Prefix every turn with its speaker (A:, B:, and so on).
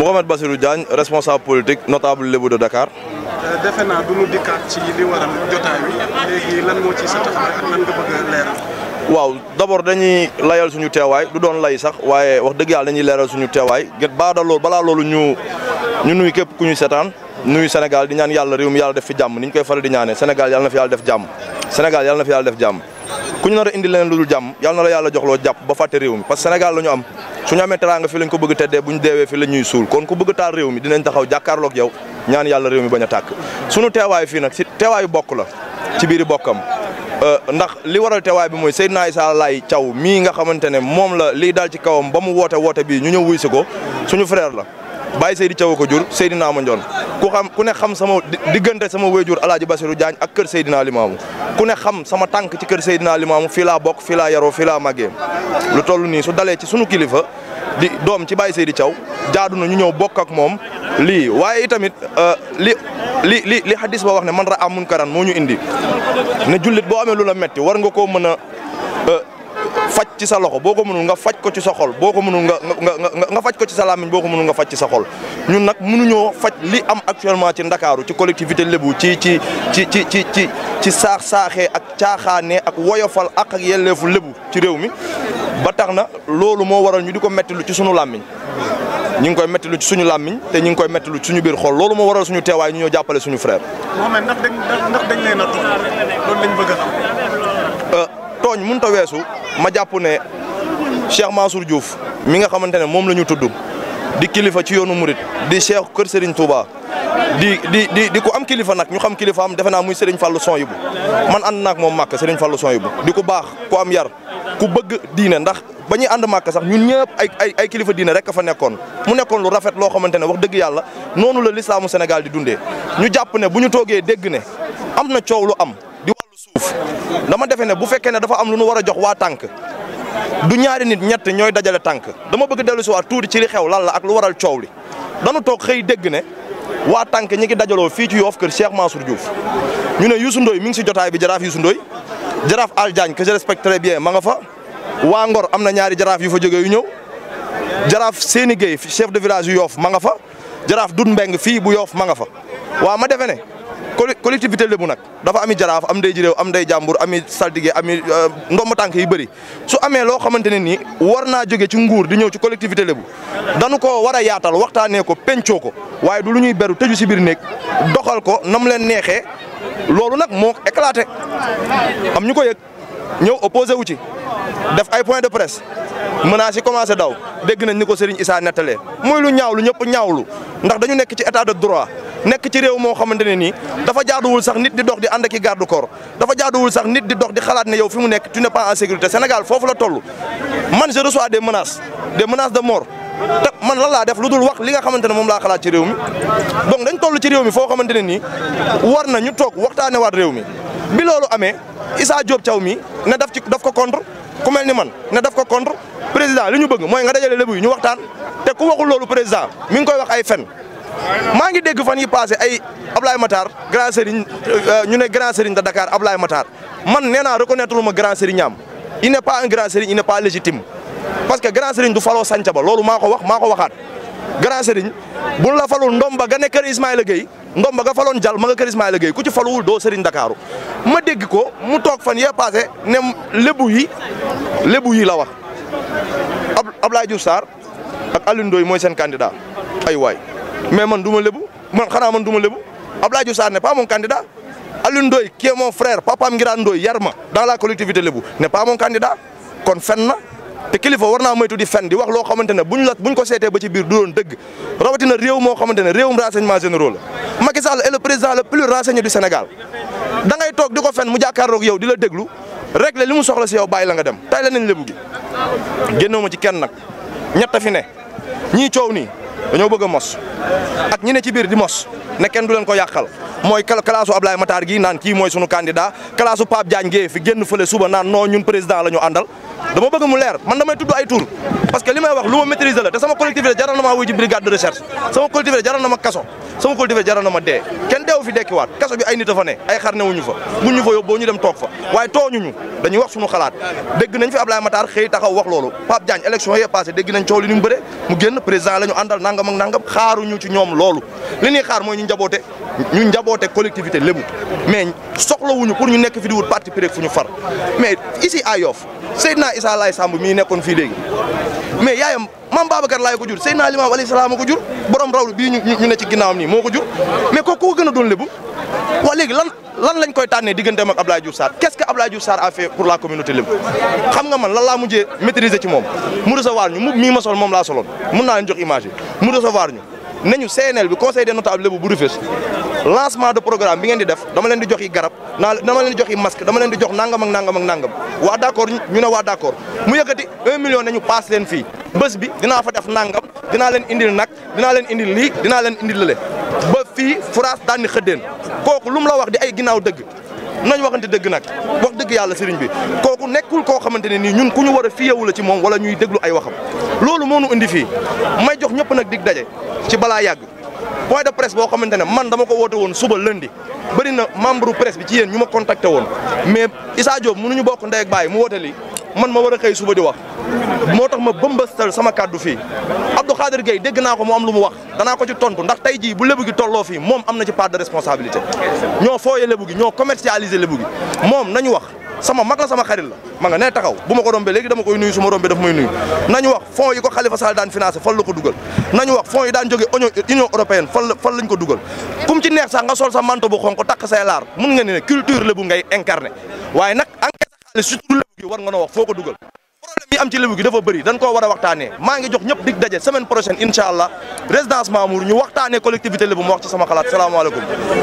A: Mouhamed Bassirou Diagne responsable politique notable Lébou de Dakar. defe naa du ñu dikkaat ci li waral jotaay wi léegi lan moo ci sa taxawaay ak lan nga bëgg a leeral. waaw d'abord dañuy layal suñu teewaay du doon lay sax waaye wax dëgg yàlla dañuy leeral suñu teewaay gët baada loolu loolu ñu ñu nuy képp ku ñuy seetaan nuyu Sénégal di ñaan yàlla réew mi yàlla def fi jàmm ni ñu koy faral di ñaanee Sénégal yàlla na fi yàlla def jàmm Sénégal yàlla na fi yàlla def jàmm. ku ñu nar a indi leen lu dul jàmm yàlla na la yàlla jox loo jàpp ba fàtte réew mi parce que Sénégal ñu am suñu amee teraanga fi lañ bëgg teddee bu ñu deewee fi la ñuy suul kon ku bëgg taal réew mi dinañ taxaw jàkkaarloog yow ñaan yàlla réew mi bañ a tàkk ñu teewaay fii nag si teewaayu bokk la ci biiri bokkam euh, ndax li waral teewaay bi mooy Seydina Issa Laye Thiaw mii nga xamante ne moom la li daal ci kawam ba mu woote woote bii ñu ñëw wuy si ko suñu frère la Baye Seydi Thiaw ko jur Seydina ma Ndione ku xam ku ne xam sama diggante sama wéyjur Alaaji Basiru Jaañ ak kër Seydina Limaamu ku ne xam sama tànk ci kër Seydina Limaamu fii laa bokk fii laa yaroo fii laa lu toll nii su dalee ci sunu kilifa di doom ci Baye Seydi Thiaw jaadu na ñu ñëw bokk ak moom lii waaye itamit euh, li li li li xadis ba wax ne man ra amun karan moo ñu indi ne jullit boo amee lu la metti war nga koo mën a euh, faj ci sa loxo boo ko mënul nga faj ko ci sa xol boo ko mënul nga nga nga nga faj ko ci sa làmmiñ boo ko mënul sa xol ñun nag mënuñoo faj li am actuellement ci Ndakaaru ci collectivité lébu ci ci ci ci ci ci ci saax saaxee ak caaxaane ak woyofal ak ak yelleefu lébu ci réew mi ba tax na loolu moo waral ñu di ko mettilu ci suñu làmmiñ ñu ngi koy mettilu ci suñu làmmiñ te ñu ngi koy métti ci suñu biir xol loolu moo waral suñu teewaay ñu ñoo jàppale suñu frère. Mohamed ndax dañ ndax dañ leen a loolu lañ bëgg tooñ mënut weesu ma jàpp ne Cheikh Mansour Diouf mi nga xamante ne moom la ñu tudd di kilifa ci yoonu murit di Cheikh Kër sëriñ Touba di di di di ko am kilifa nag ñu xam kilifa am defe naa muy Serigne Fallou son bu man ànd naak moom màkk Serigne Fallou son bu di ku baax ku am yar ku bëgg diine ndax ba ñu ànd màkk sax ñun ñëpp ay ay kilifa diine rek a fa nekkoon mu nekkoon lu rafet loo xamante ne wax dëgg yàlla noonu la lislaamu Sénégal di dundee ñu jàpp ne bu ñu toogee dégg ne am na coow lu am suuf dama defe ne bu fekkee ne dafa am lu nu war a jox waa tànk du ñaari nit ñett ñooy dajale tànk dama bëgg dellu si waa tuuti ci li xew lan la ak lu waral coow li dañu toog xëy dégg ne waa tànk ñi ngi dajaloo fii ci yoof kër Cheikh Mansour Diouf ñu ne Youssou Ndoye mi ngi si jotaay bi jaraaf Youssou Ndoye jaraaf Aldiagne que je respecte très bien ma nga fa waa Ngor am na ñaari jaraaf yu fa jege yu ñëw jaraaf Séni Gueye chef de village yu yoof ma nga fa jaraaf Doudou Mbeng fii bu yoof ma nga fa collectivité lébu nag dafa ami jaraaf am day ji am ndey jàmbur ami saltige ami euh, ndomb tànk yi bëri su amee loo xamante ne nii war naa jóge ci nguur di ñëw ci collectivité lébu dañu ko war a yaatal waxtaanee ko pencoo ko waaye du lu ñuy beru tëju si biir néeg doxal ko nam leen neexee loolu nag moo éclate am ñu ko yëg ñëw opposé wu ci def ay point de presse menaces yi commencé daw dégg nañ ni ko Serigne Issa nettalee muy lu ñaaw lu ñëpp ñaawlu ndax dañu nekk ci état de droit nekk ci réew moo xamante ne nii dafa jaaduwul sax nit di dox di ànd ak i garde corps dafa jaaduwul sax nit di dox di xalaat ne yow fi mu nekk tu ne pas en sécurité Sénégal foofu la toll man je reçois des menaces des menaces de mort te man lan laa def lu dul wax li nga xamante ne moom laa xalaat ci réew mi donc dañ tollu ci réew mi foo xamante ne nii war na ñu toog waxtaane waat réew mi bi loolu amee Issa Diop Thiaw mi ne daf ci daf ko contre ku mel ni man ne daf ko contre président li ñu bëgg mooy nga dajale lébu yi ñu waxtaan te ku waxul loolu président mi ngi koy wax ay fen maa ngi dégg fan yi passé ay Ablaye Matar grand sëriñ euh, ñu ne grand sëriñ de Dakar Ablaye Matar man nee naa reconnaître lu ma grand sëriñ am il n'est pas un grand sëriñ il n'est pas légitime parce que grand sëriñ du faloo sanca ba loolu maa ko wax maa ko waxaat grand sëriñ buñ la falul ndom ba ga nekk kër Ismaïla Gueye ndom ba ga faloon jal ma nga kër Ismaïla Gueye ku ci faluwul doo sëriñ Dakaaru ma dégg ko mu toog fan yee passé ne lébu yi lébu la wax Ablaye Diouf Sarr ak Alioune mais man du ma lébu man xanaa man du ma lébu Abdoulaye Diouf Sarr n'est pas mon candidat Alioune Ndoye qui est mon papaam Ngira Ndoye yar ma dans la collectivité lébu n'est pas mon candidat kon fen na te kilifa war naa moytu di fen di wax loo xamante ne buñ la buñ ko seetee ba ci biir du doon dëgg rawatina réew moo xamante ne réewum renseignement généraux la Macky Sall est le président le plus renseigné du Sénégal da ngay toog di ko fen mu jàkkaarloog yow di la déglu régler li mu soxla si yow bàyyi la nga dem tay la nañ lébu gi ma ci kenn nag ñett fi ne ñii coow nii dañoo bëgg a mos ak ñi ne ci biir di mos ne kenn du leen ko yàqal mooy kalaasu Ablaye Matar gi naan kii mooy sunu candidat kalaasu Pape Diagne Gueye fi génn fële suba naan non ñun président la ñu àndal dama bëgg mu leer man damay tudd ay tur parce que li may wax lu ma maîtriser la te sama collectivité jaral na maa wuy ci brigade de recherche sama collectivité jaral na ma ay nit a fa ne ay ñu ñu dem toog fa wax suñu xalaat dégg nañ fi Ablaye Matar xëy taxaw wax loolu Pape Diagne élection yee passé dégg nañ coow li ñu mu bëre mu génn président la ñu àndal nangam ak nangam xaaruñu ci ñoom loolu li xaar mooy ñu njaboote ñu njaboote collectivité lébu mais soxlawuñu pour ñu ñu nekk fi di wut parti pire fu ñu far mais ici à Yoff Seydina Issa Laye Samb mii nekkoon fii léegi mais yaayam maam Babacar Laye ko jur Seydina Limaamu alayhi salaam ko jur borom rawlu bii ñu ñu ne ci ginnaawam nii moo ko jur mais kooku ko gën a doon lébu waa léegi lan lan lañ koy tànnee digganteem ak Abdoulaye Diouf Sarr qu'est-ce que Abdoulaye Diouf Sarr a fait pour la communauté lébu xam nga man lan laa mujjee maîtriser ci moom mu recevoir ñu mu mii ma sol moom laa soloon mun naa leen jox image yi mu ñu nañu CNL bi conseil des notables lébu bu Rufisque lancement de programme bi ngeen di def dama leen di jox yi garab naa dama leen di jox yi masque dama leen di jox nangam ak nangam ak nangam waa d'accord ñu ne waa d'accord mu yëkkati a million nañu paas leen fii bés bi a fa def nangam dinaa leen indil nag dinaa leen indil lii dinaa leen indil lële ba fii France daan ni xëddeen kooku lu mu la wax di ay ginnaaw dëgg nañ waxante dëgg nag wax dëgg yàlla sëriñ bi kooku nekkul koo xamante ne nii ñun ku ñu war a fiyewu la ci moom wala ñuy déglu ay waxam loolu moo n indi fii may jox ñëpp nag dig daje ci balaa yàgg point de presse boo xamante ne man dama ko woote woon suba lundi bëri na membre presse bi ci yéen ñu ma contacté woon mais Issa Diop mënuñu bokk ndey ak baay mu woote lii man ma war a xëy suba di wax moo tax ma bëmbastal sama kàddu fii Abdou Khadir Gueye dégg naa ko mu am lu mu wax danaa ko ci tontu ndax tey jii bu lébu gi tolloo fii moom am na ci part de responsabilité ñoo fooyee lébu ñoo commercialisé lébu gi moom nañu wax sama mag la sama xarit la ma nga ne taxaw bu ma ko rombee léegi dama koy nuyu su ma rombee daf may nuyu nañu wax fonds yi ko Khalifa Sall daan financé fan la ko dugal nañu wax fonds yi daan jóge union européenne foo ko dugal problème yi am ci lébu gi dafa bëri dañ koo war a waxtaanee maa ngi jox ñëpp dig daje semaine prochaine incha allah résidence Mamour ñu waxtaanee collectivité lébu mu wax ci sama xalaat salaamaaleykum